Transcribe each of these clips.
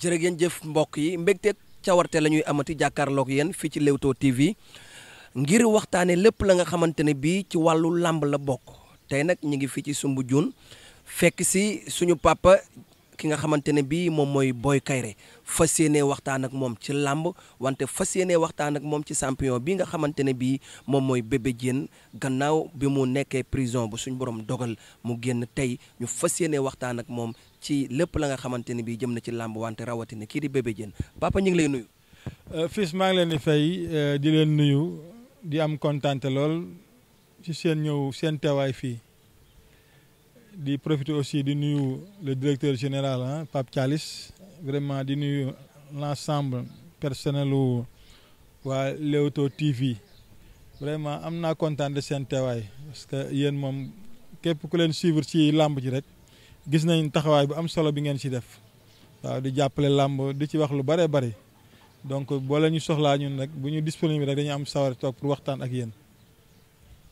jërë ngeen jëf mbokk yi mbégteeg cawarte la ñuy amati jàkkaarloog yéen fii ci Leewtoo TV ngir waxtaanee lépp la nga xamante ne bii ci wàllu làmb la bokk tey nag ñu ngi fii ci sumbu juun fekk si suñu papa ki nga xamante ne bii moom mooy Boy Kaïré fas yéenee waxtaan ak moom ci làmb wante fas yéenee waxtaan ak moom ci champion bi nga xamante ne bii moom mooy Bébé Diène gannaaw bi mu nekkee prison bu suñu borom dogal mu génn tey ñu fas yéenee waxtaan ak moom ci lépp la nga xamante ni bii jëm na ci làmb wante rawatina kii di Bébé Diène papa ñu ngi lay nuyu. Euh, fils maa ngi leen di fay euh, di leen nuyu di am kontante lool ci seen ñëw seen teewaay fii di profiter aussi di nuyu le directeur général ah Pape Thialis vraiment di nuyu l'ensemble personnel wu waa Leewtoo TV vraiment am naa kontaan de seen teewaay parce que yéen moom képp ku leen suivre ci làmb ji rek gis nañ taxawaay bu am solo bi ngeen ci def waaw di jàppale làmb di ci wax lu bare bari donc boo la soxlaa ñun nag bu ñu disponible rek dañu am sawar toog pour waxtaan ak yéen.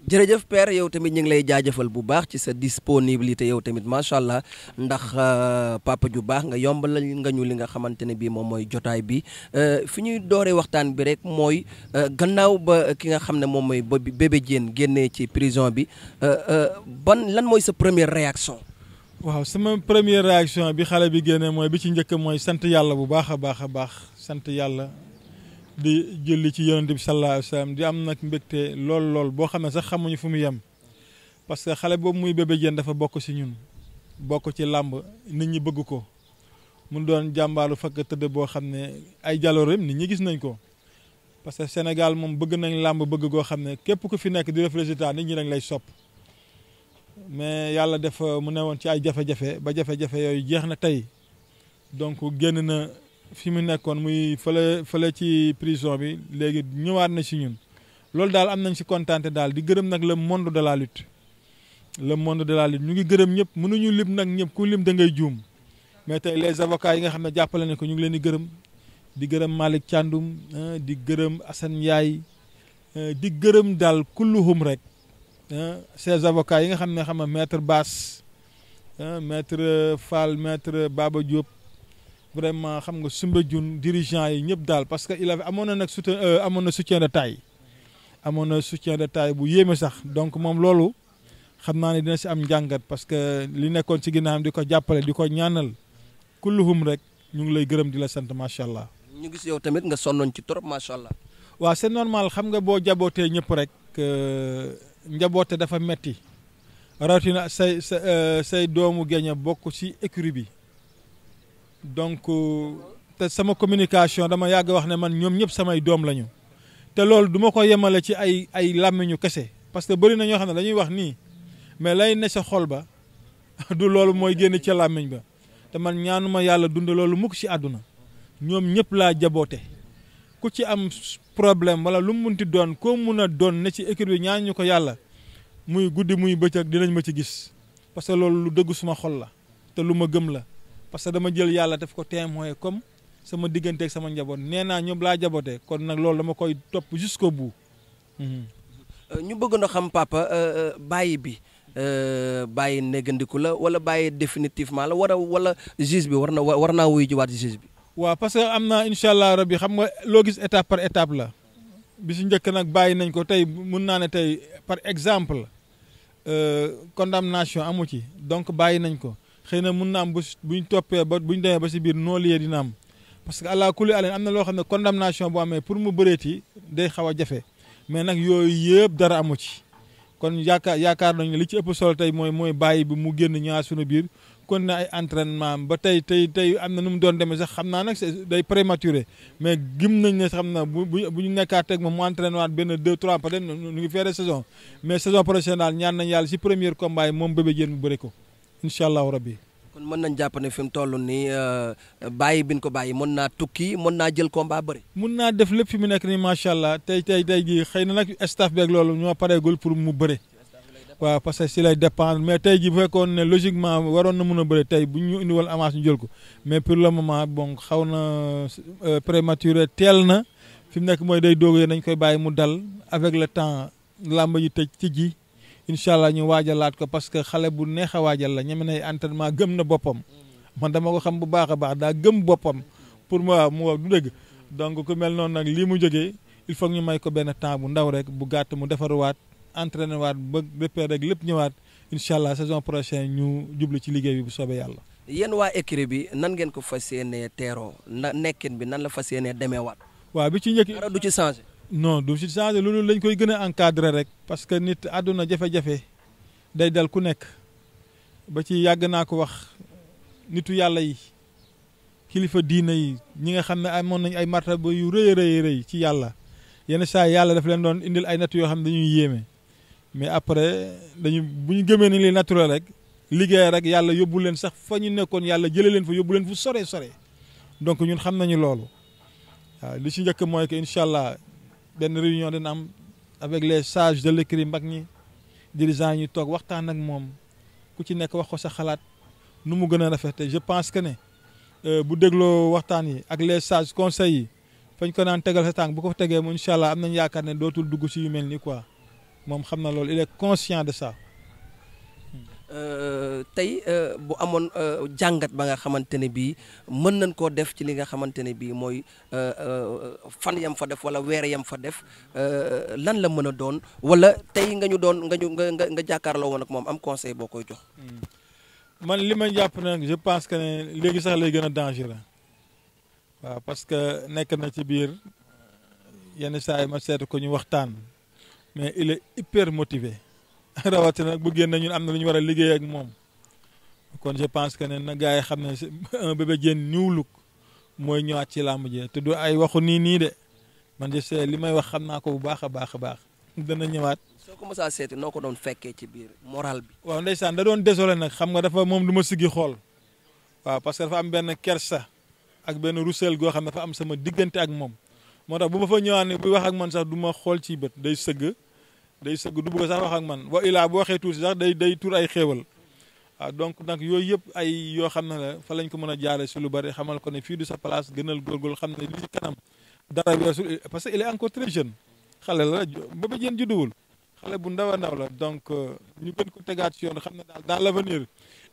jërëjëf Père yow tamit ñu ngi lay jaajëfal bu baax ci sa disponibilité yow tamit macha allah ndax euh, papa ju baax nga yombalal nga ñu li nga xamante ne bii moom mooy jotaay bi euh, fi ñuy dooree waxtaan bi rek mooy euh, gannaaw ba ki nga xam ne moom mooy ba Diène génnee ci prison bi ban lan mooy sa première réaction. waaw sama première réaction bi xale bi génnee mooy bi ci njëkk mooy sant yàlla bu baax a baax a baax sant yàlla di julli ci yonent bi sallallahu alayhi di am nag mbégte lool lool boo xam ne sax xamuñu fu mu yem parce que xale boobu muy bébé Diène dafa bokk si ñun bokk ci làmb nit ñi bëgg ko mun doon jàmbaalu fakk tëdd boo xam ne ay jaloorem nit ñi gis nañ ko parce que Sénégal moom bëgg nañ làmb bëgg koo xam ne képp ku fi nekk di def nit ñi dañ lay sopp mais yàlla def euh, mu ne woon ci ay jafe-jafe ba jafe-jafe yooyu jeex na tey donc génn na fi mu nekkoon muy fële fale ci prison bi léegi ñëwaat na si ñun loolu daal am nañ si kontaan daal di gërëm nag la monde de la lutte le monde de la lutte ñu ngi gërëm ñëpp mënuñu lim nag ñëpp ku lim da ngay juum mais tey les avocats yi nga xam ne jàppale ne ko ñu ngi leen di gërëm di gërëm Malick càndum di gërëm Assane Ndiaye di gërëm daal kulluhum rek ses avocats yi nga xam ne xam nga maître Bass maître Fall metre Baba Diop vraiment xam nga Soumbédioune dirigeant yi ñëpp daal parce que il avait amoon na nag soutien euh, amoon na soutien de taille amoon na soutien de taille bu yéeme sax donc moom loolu xam naa ni dina si am njàngat parce que li nekkoon si ginnaawam di ko jàppale di ko ñaanal kulluhum rek ñu ngi lay gërëm di la sant macha allah. ñu gis yow tamit nga sonnoon ci trop macha allah. waa c'est normal xam nga boo jabootee ñëpp rek. Euh, njaboote dafa metti rawatina say sa euh, say doomu géñe bokk ci écurie bi donc euh, te sama communication dama yàgg wax ne man ñoom ñëpp samay doom lañu te loolu duma ko yemale ci ay ay làmmiñu kese parce que bëri na ñoo xam ne dañuy wax nii mais lay ne sa xol ba du loolu mooy génn ca làmmiñ ba te man ñaanuma yàlla dund loolu mukk ci àdduna ñoom ñëpp laa jaboote ku ci am problème wala lu mu munti doon koo mun a doon ne ci équipe bi ñaan ñu ko yàlla muy guddi muy bëccëg dinañ ma ci gis parce que loolu lu dëgg suma xol la te lu ma gëm la parce que dama jël yàlla def ko témoin comme sama diggante ak sama njaboot nee naa ñoom laa jabootee kon nag loolu dama koy topp ko bout. Mhm. Euh, ñu bëgg na xam papa euh, euh, bàyyi bi bàyyi négandiku la wala bàyyi définitivement la wala wala juge bi war na war naa wuyu jiwaat juge bi. waaw parce que am na incha allah rabbi xam nga loo gis étape par étape la bi su njëkk nag bàyyi nañ ko tey mun naa ne tey par exemple euh, condamnation amu ci donc bàyyi nañ ko xëy na mun na am bu buñ toppee ba buñ demee ba si biir noo liee dina am parce que allah kulli allen am na loo xam ne condamnation boo amee pour mu bëreeti day xaw a jafe mais nag yooyu yëpp dara amu ci kon yaakaar yaakaar nañ ne li ci ëpp solo tey mooy mooy bàyyi bi mu génn ñaar sunu biir kon na ay entraînement am ba tey tey tey am na nu mu doon demee sax xam naa nag day prématuré mais gëm nañ ne xam na bu bu ñu nekkaat ak moom mu entraînement benn deux trois peut-être ñu ngi feere saison mais saison prochaine daal ñaan nañ yàlla si premier combat yi moom Bébé Diène mu bëri ko incha allahu rabbi kon mën nañ jàpp ne fi mu toll nii euh, bàyyi bin ko bàyyi mun naa tukki mën naa jël combat bëri. mun naa def lépp fi mu nekk nii macha allah tey tey tey jii xëy na nag staff loolu ñoo pareegul pour mu bëre. waaw parce que si lay dépendre mais tey jii bu fekkoon ne logiquement waroon na mun a bëri tey bu ñu indiwal avance ñu jël ko mais pour le moment bon xaw na euh, prématuré teel na fi mu nekk mooy day doog nañ koy bàyyi mu dal avec le temps làmb ji tëj ci ji incha allah ñu waajalaat ko parce que xale bu neex a waajal la ñeme nay entraînement gëm na boppam man dama ko xam bu baax a baax daa gëm boppam pour ma waaw mu wax du dëgg donc ku mel noonu nag lii mu jógee il faut ñu may ko benn temps bu ndaw rek bu gàtt mu defaruwaat entraîné waat ba repère rek lépp ñëwaat incha allah saison prochaine ñu jublu ci liggéey bi bu soobee yàlla. yéen waa écurie bi nan ngeen ko fas seenee teeroo na nekkin bi nan la fas yéenee demeewaat. waa bi ci njëkk dara du ci changé. non du ci changé loolu lañ koy gën a encadré rek. parce que nit àdduna jafe-jafe day dal ku nekk ba ci yàgg naa ko wax nitu yàlla yi kilifa diina yi ñu nga xam ne amoon nañ ay martaba yu rëy rëy rëy ci yàlla yenn saa yàlla daf leen doon indil ay natt yoo xam ne dañuy yéeme. mais après dañu bu ñu gëmee ni li naturel rek liggéey rek yàlla yóbbu leen sax fa ñu nekkoon yàlla jëlee leen fa yóbbu leen fu sore sore donc ñun xam nañu loolu waaw li ci njëkk mooy que incha allah benn réunion dina am avec les sages de l'écrit mag ñi dirigeants ñu toog waxtaan ak moom ku ci nekk wax ko sa xalaat nu mu gën a rafetee je pense que ne euh, bu dégloo waxtaan yi ak les sages conseil yi fañ ko naan tegal sa tànk bu ko tegee mu incha allah nañ yaakaar ne dootul dugg ci mel nii quoi. moom xam na loolu il est conscient de ça. Euh, tey euh, bu amoon euh, jàngat ba nga xamante ne bii mën nañ koo def ci li nga xamante ne bii mooy fan yam fa def wala weer yam fa def lan la mën a doon wala tey nga ñu doon nga ñu nga nga jàkkaarloo woon ak moom am conseil boo koy jox. Hmm. man li ma jàpp nag je pense que ne léegi sax lay gën a dangereux waaw parce que nekk na ci biir yenn saa yi ma seetu ko ñu waxtaan. mais il est hyper motivé rawatina nag bu génn ñun am na lu ñu war a liggéey ak moom kon je pense que ne na gars yi xam ne un Bébé Diène New Look mooy ñëwaat ci làmb ji te du ay waxu nii nii de man je sais li may wax xam naa ko bu baax a baax a baax dana ñëwaat. soo ko mos a seeti noo ko doon fekkee ci biir moral bi. waaw ndeysaan da doon désolé nag xam nga dafa moom du ma siggi xool waaw parce que dafa am benn sax ak benn ruuseel goo xam ne dafa am sama diggante ak moom. moo tax bu ma fa ñëwaan ne buy wax ak man sax du xool ci bët day sëgg day sëgg du bëgg sax wax ak man wa ilaa bu waxee tuuti sax day day tur ay xéewal waaw ah, donc nag yooyu yëpp ay yoo xam ne la fa lañ ko mën a jaare si lu bari xamal ko ne fii du sa place gënal góorgóorlu xam ne li ci kanam dara weesul parce que il est encore très la ba ba jën judduwul bu ndaw a ndaw la donc euh, ñu gën ko tegaat si yoon xam ne daal dans l'avenir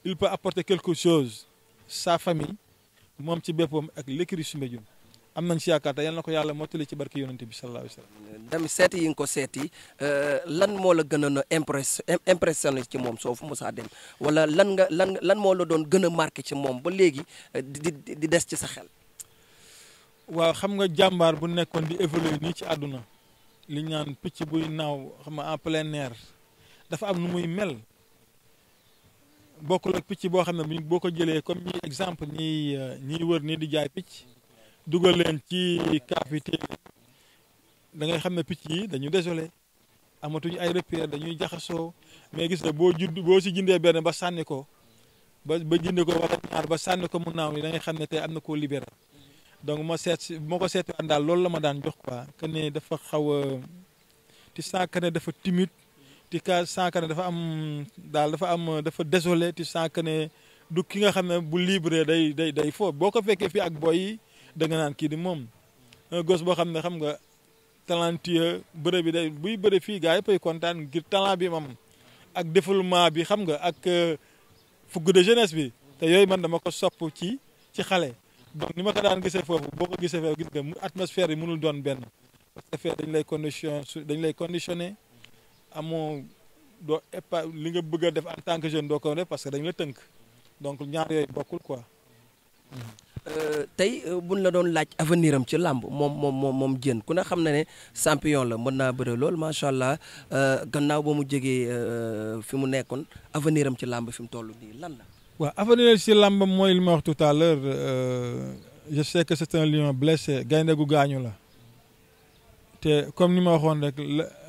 il peut apporter quelque chose sa famille moom ci boppam ak l'écurie Soumbédioune am nañ si yaakaar te yal ko yàlla mottali ci barke yonent bi sallallahu alayhi wa seeti yi nga ko seeti euh, lan moo la gën a impress impressionné ci moom soo fu musaa dem wala lan nga lan lan moo la doon gën a marqué ci moom ba léegi euh, di di des ci sa xel. waaw xam nga jàmbaar bu nekkoon di évoluer nii ci àdduna li ñaan picc buy naaw xam nga en plein neer dafa am nu muy mel bokkul ak picc boo xam ne boo ko jëlee comme ñi exemple ñiy euh, ñiy wër nii di jaay picc. dugal leen ci cavité da ngay xam ne picc yi dañu désolé amatuñu ay repères dañuy jaxasoo mais gis nga boo judd boo si jëndee benn ba sànni ko ba ba jënd ko wala ñaar ba sànni ko mu naaw ni dangay xam ne tey am na koo libéré donc ma seet si moo ko seet daal loolu la ma daan jox quoi que ne dafa xaw a ti sànq ne dafa timide ti ka sànq ne dafa am daal dafa am dafa désolé ti sànq ne du ki nga xam ne bu libre day day day foofu boo ko fekkee fii ak boy yi da naan kii di moom euh, gos boo xam ne xam nga talentueux bërëb bi day buy bëre fii gars yëppay kontaan ngir talent bi mam ak développement bi xam nga ak euh, fougue de jeunesse bi te yooyu man dama ko sopp ci ci xale donc ni ma ko daan gisee foofu boo ko gisee foofu gis nga mu atmosphère yi mënul doon benn parce que fee dañ lay condition dañ lay conditionné doo épa li nga bëgg a def en tant que jeune doo ko def parce que dañ la tënk donc ñaar yooyu bokkul quoi Euh, tey euh, buñ la doon laaj avenir am ci làmb moom moom moom moom jën ku ne xam na ne champion la mën naa bëre lool macha allah euh, gannaaw ba mu jógee fi mu nekkoon avenir am ci làmb fi mu toll nii lan la. waaw avenir ci làmb mooy li ma wax tout à l'heure je sais que c'est un lion blessé gaynde gu gaañu la te comme ni ma waxoon rek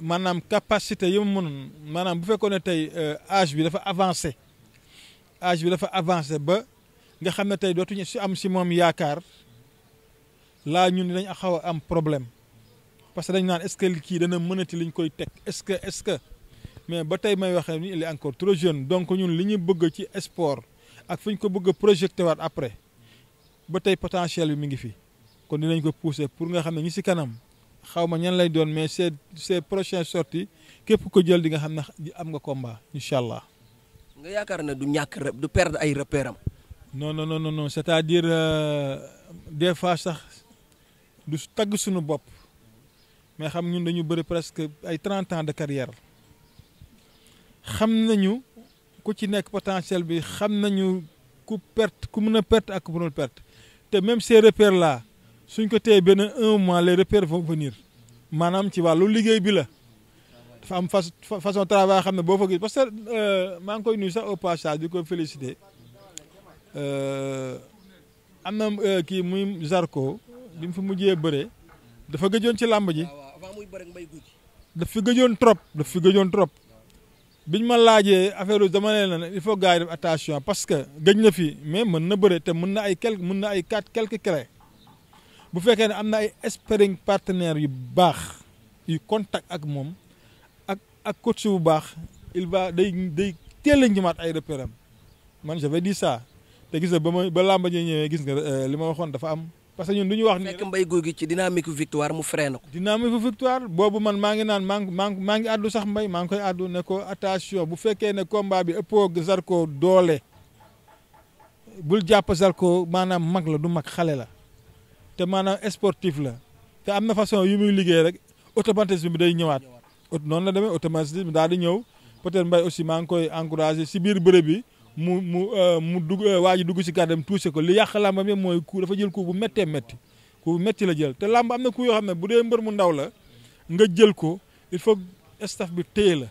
maanaam capacité yi mu mënoon maanaam bu fekkoon ne tey âge bi dafa avancé âge bi dafa avancé ba. nga xam ne tey dootuñu si am si moom yaakaar laa ñun dañ xaw a am problème parce que dañ naan est-ce que kii dana mënati liñ koy teg est-ce que est-ce que mais ba tey may waxee ni il est encore trop jeune donc ñun li ñu bëgg ci sport ak fu ñu ko bëgg a waat après ba tey potentiel bi mi ngi fi kon dinañ ko pousser pour nga xam ne ñu si kanam xaw ma ñan lay doon mais ces ces prochaines sorti képp ko jël di nga xam ne am nga combat incha allah. nga yaakaar ne du ñàkk du perdre ay repères non non non non c'est-à-dire euh, des fois sax du tagg suñu bopp mais xam ñun dañu bëri presque ay trente ans de carrière xam nañu ku ci nekk potentiel bi xam nañu ku perte ku mën a perte ak ku mënul perte te même ces repères là suñ ko téye benn un mois les repères vont venir maanaam ci wàllu liggéey bi la dafa am façon façon travail xam ne boo fa gis parce que euh, maa ngi koy nuyu sax au passage di ko féliciter. Euh, am na euh, kii muy Zarko bi mu fi mujjee bëre dafa gëjoon ci làmb ji ah, daf fi gëjoon trop daf fi gëjoon trop bi ñu ma laajee affaire dama ne na il faut gars yi def attention parce que gëj na fi mais mën na bëre te mën na ay quelque mën na ay quatre quelques clés bu fekkee ne am na ay sparring partenaires yu baax yu contact ak moom ak ak coach bu baax il va day day teel njimaat ay repéram man j'avais dit ça te gis nga ba ma ba làmba ñuy ñëwee gis nga euh, li ma waxoon dafa am parce que ñun du ñu wax ni fekk mbay guy gi ci dynamique victoire mu freiné ko dynamique victoire boobu man maa ngi naan maa ngi maa ngi maa ngi àddu sax mbay maa koy àddu ne ko attention bu fekkee ne combat bi ëppoo Zarko doole bul jàpp Zarko maanaam mag la du mag xale la te maanaam sportif la te am na façon yu muy liggéey rek automatisme bi day ñëwaat noonu la demee automatisme daal di ñëw peut-être mbay aussi maa ngi koy encouragé si biir bërëb bi mu mu euh, mu dugg euh, waa ji dugg si gàddam touché ko li yàq làmbam mooy ku dafa jël ku bu méttee métti ku bu métti la jël te làmb am na ku yoo xam ne bu dee mbër mu ndaw la nga jël ko il faut staff bi téye la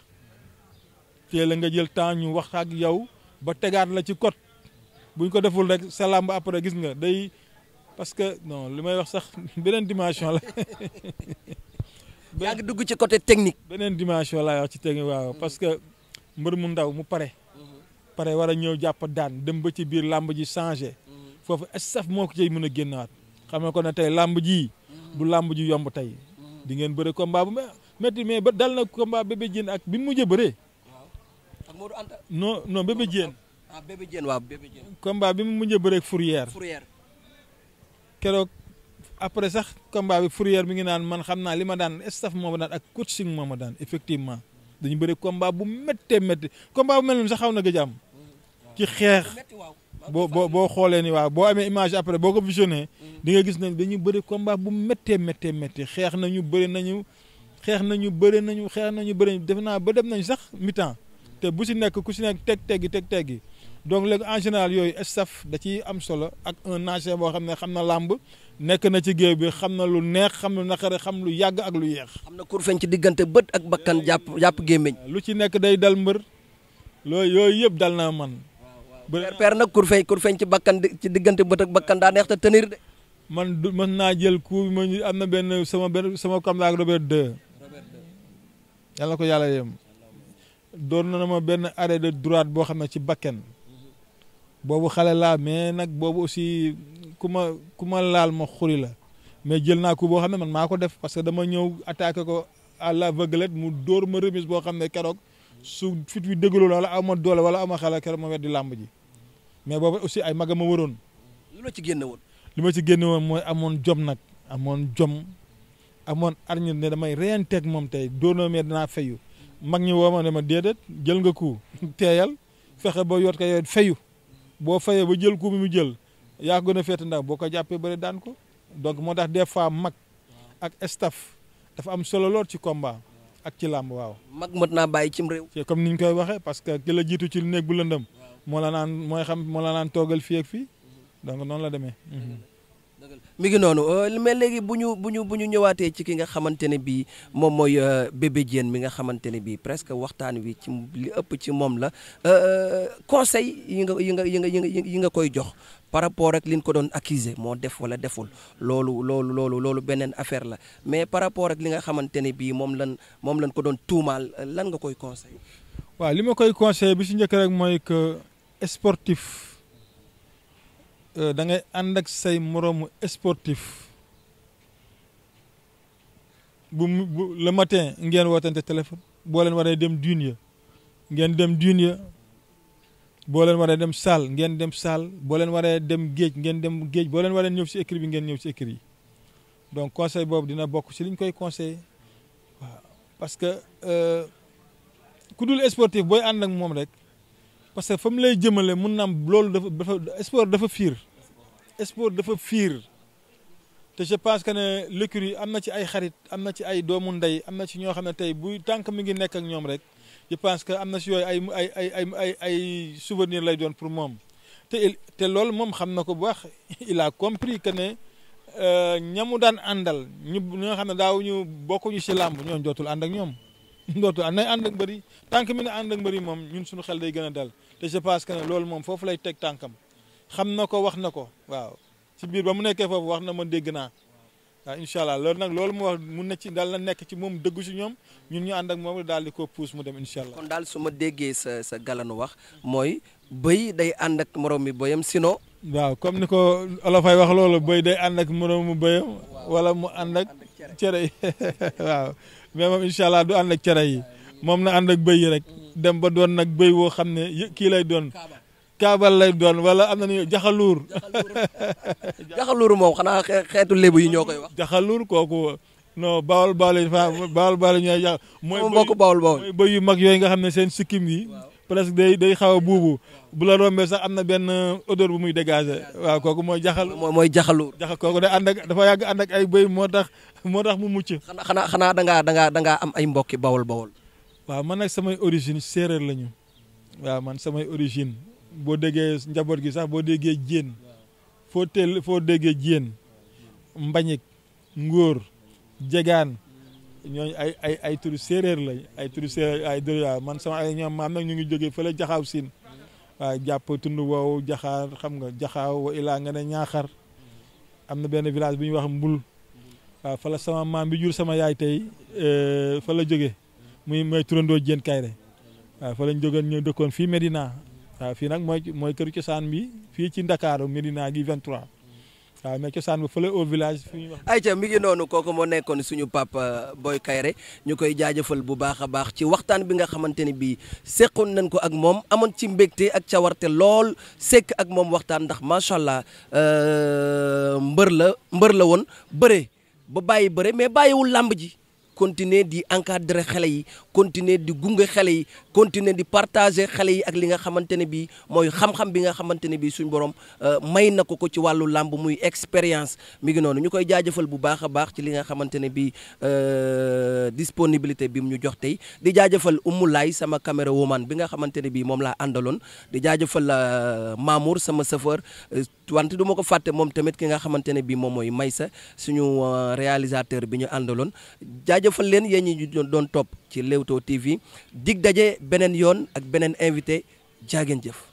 téye la nga jël temps ñu wax ak yow ba tegaat la ci code buñ ko deful rek sa làmb après gis nga day parce que non li may wax sax beneen dimension la. yaa ngi dugg ci côté technique. beneen dimension laa wax ci technique waaw parce que mbër mu ndaw mu pare. pare war a ñëw jàpp daan dem ba ci biir làmb ji changé mm-hmm. foofu staff moo ko ciy mën a génnaat xam na ko ne tey làmb ji mm-hmm. du làmb ji yomb tey mm-hmm. di ngeen bëre combat bu métti mais ba dal na combat bébé ak bi mu mujjee bëree. ak Modou Anta. non non ah, ah, bi mu mujjee bëree ak Fourrière. Fourrière. sax combat bi Fourrière mi ngi naan man xam naa li ma daan staff moo ma ak coaching ma daan effectivement dañu bëri combat bu méttee métti combat sax xaw na gëj am. ci xeex boo boo boo xoolee ni waaw boo amee image après boo ko visionné di nga gis ne dañu bëri combat bu méttee méttee méttee xeex nañu bëri nañu xeex nañu bëri nañu xeex nañu bëri def naa ba dem nañ sax mi te bu si nekk ku si nekk teg teggi teg teg gi donc léegi en général yooyu staff da ciy am solo ak un ancien boo xam ne xam na làmb nekk na ci géew bi xam na lu neex xam lu naqare xam lu yàgg ak lu yeex. xam na kurfeñ ci diggante bët ak bakkan jàpp jàpp gémmiñ lu ci nekk day dal mbër loolu yooyu yëpp dal naa man perper nag kur feñ kur feñ ci bakkan ci diggante bët ak bakkan daa neex te de. man du mën naa jël coup ma am na benn sama benn sama kam ak Robert ko yàlla yem. doon na ma benn arrêt de boo xam ne ci bakkan. boobu xale laa mais nag boobu aussi ku ma ku ma laal ma xuri la mais jël naa coup boo xam ne man maa ko def parce que dama ñëw attaqué ko à l'aveuglette mu door ma remise boo xam ne keroog su fit wi dëggaloo la aw ma doole wala aw ma xale keroog ma weddi làmb ji. mais boobu aussi ay magama waroon. lu la ci génne li ma ci génne woon mooy amoon jom nag amoon jom amoon arñu ne damay reyanteeg moom tey doonoo mais danaa mag ñi woo ma ma déedéet jël nga ko teeyal fexe ba yoot ko yoot fayu boo fayee ba jël ko bi mu jël yaa gën a féete ndax boo ko jàppee bëri daan ko donc moo tax des fois mag ak staff dafa am solo lool ci combat ak ci làmb waaw. mag mën naa bàyyi cim réew. comme ni koy waxe parce que ki la jiitu ci néeg bu lëndëm moo la naan mooy xam moo la naan toogal fii ak fii donc noonu la demee. mi ngi noonu euh, mais léegi bu ñu bu ñu bu ñu ñëwaatee ci ki nga xamante ne bii moom mooy euh, bébé Diène mi nga xamante ne bii presque waxtaan wi ci li ëpp ci moom la euh, conseil yi nga yi nga yi nga yi nga koy jox par rapport ak li ñu ko doon accuser moo def wala deful loolu loolu loolu loolu beneen affaire la mais par rapport ak li nga xamante ne bii moom lan moom lañ ko doon tuumaal lan nga koy conseil waaw li ma koy conseil bi si njëkk rek mooy que sportif euh, dangay ngay ànd ak say moroomu sportif bu bu le matin ngeen wootante téléphone boo leen waree dem dune ngeen dem dune boo leen waree dem salle ngeen dem salle boo leen waree dem géej ngeen dem géej boo leen waree ñëw si écrit bi ngeen ñëw si écrit yi donc conseil boobu dina bokk si li ñu koy conseillé waaw parce que euh, ku dul sportif booy ànd ak moom rek. parce que fa mu lay jëmale mun na am loolu dafa dafa sport dafa fiir sport dafa fiir te je pense que ne yi am na ci ay xarit am na ci ay doomu ndey am na ci ñoo xam ne tey buy tànk mi ngi nekk ak ñoom rek je pense que am na si yooyu ay ay ay ay ay ay souvenir lay doon pour moom te te loolu moom xam na ko bu wax il a compris que ne euh, ñamu daan àndal ñu ñoo xam ne daaw ñu bokkuñu si làmb ñoo jootul ànd ak ñoom ndootu am nay ànd ak mbër yi tànk mi ne ànd ak mbër yi moom ñun suñu xel day gën a dal te je pense que ne loolu moom foofu lay teg tànkam xam na ko wax na ko waaw ci biir ba mu nekkee foofu wax na ma dégg naa waaw incha allah loolu nag loolu mu wax mu ne ci daal la nekk ci moom dëggu si ñoom ñun ñu ànd ak moom daal di ko puus mu dem incha allah. kon daal su ma déggee sa sa galanu wax mooy bëy day ànd ak morom mi bëyam sinon. waaw comme ni ko fay wax loolu bëy day ànd ak moroomu bëyam wala mu ànd mais moom incha allah du ànd ak cere yi moom na ànd ak bëy yi rek dem ba doon nag bëy woo xam ne kii lay doon kaabal lay doon wala am na ñu jaxaluur jaxaluur moom xanaa xeetu lébu yi ñoo koy wax jaxaluur kooku non bawal bawal yi fa bawal bawal yi mooy mbokk bawal bawal mooy bëy yu mag yooyu nga xam ne seen sikkim yi presque day day xaw a buubu bu la rombee sax am na benn odeur bu muy dégager waaw kooku mooy jaxal mooy jaxaluur jax kooku day ànd ak dafa yàgg ànd ak ay bëy moo tax moo tax mu mucc. xanaa xanaa da ngaa da am ay mbokki bawol bawol. waaw man nag samay origine séeréer lañu man samay origine boo déggee njaboot gi sax boo déggee jéen foo teel foo déggee jéen mbañik ngóor jegaan ñooñ ay ay ay turu séeréer lañ ay turu séeréer ay dër man sama ay maam nag ñu ngi jógee fële jaxaw siin waaw jàpp tund woow jaxaar xam nga jaxaaw wa ilaa nga ne ñaaxar am na benn village bu ñuy wax mbul waaw ah, fa la sama maam bi jur sama yaay tey eh, fa la jóge muy mooy turandoo Diène Kairé waaw ah, fa lañ jóge ñëw dëkkoon fii Medina waaw ah, fii nag mooy mooy cosaan bi fii ci Ndakaaru Medina gi 23 waaw mais cosaan bi fële au village fi ñuy wax. ayca ngi noonu kooku moo nekkoon suñu papa eh, booy Kairé ñu koy jaajëfal bu baax a baax ci waxtaan bi nga xamante ni bii seqoon nañ ko ak moom amoon ci mbégte ak cawarte lool sekk ak moom waxtaan ndax macha allah eh, mbër la mbër la woon bëre. ba bàyyi bëre mais bàyyiwul làmb ji continuer di encadrer xele yi continuer di gunge xele yi continuer di partager xale yi ak li nga xamante ne bii mooy xam-xam bi nga xamante ne bii suñ borom euh, may na ko ko ci wàllu làmb muy expérience mi noonu ñu koy jaajëfal bu baax a baax ci li nga xamante ne bii euh, disponibilité bi mu ñu jox tey di jaajëfal Oumou Laye sama caméra woman bi nga xamante ne bii moom laa àndaloon di jaajëfal euh, Mamour sama chauffeur wante du ma ko fàtte moom tamit ki nga xamante ne bii moom mooy Maysa suñu réalisateur bi ñu àndaloon jaajëfal leen yéen ñi doon topp ci Leewtoo TV dig daje beneen yoon ak beneen invité jaageen jëf